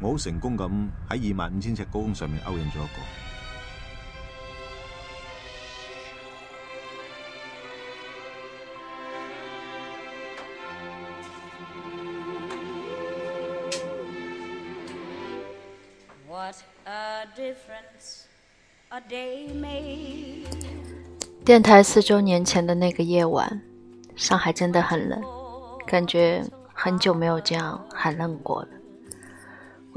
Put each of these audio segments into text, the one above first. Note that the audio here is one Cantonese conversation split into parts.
我好成功咁喺二萬五千尺高空上面勾引咗一個。電台四周年前的那個夜晚，上海真的很冷，感覺很久沒有這樣寒冷過了。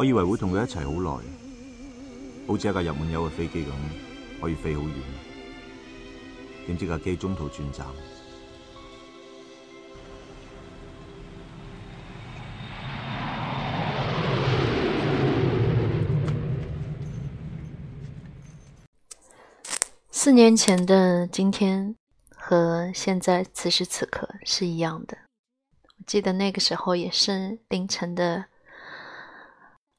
我以為會同佢一齊好耐，好似一架日本友嘅飛機咁，可以飛好遠。點知架機中途轉站。四年前的今天和現在此時此刻是一樣的。我記得那個時候也是凌晨的。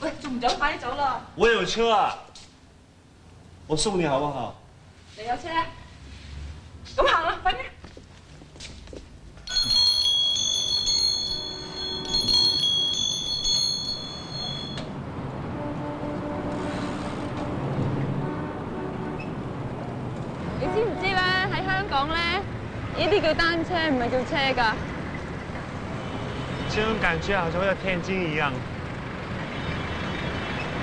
喂，仲唔走？快啲走啦！我有車啊，我送你好不好？你有車？咁行啦，快啲！你知唔知咧？喺香港咧，呢啲叫單車，唔係叫車噶。這種感覺好像在天津一樣。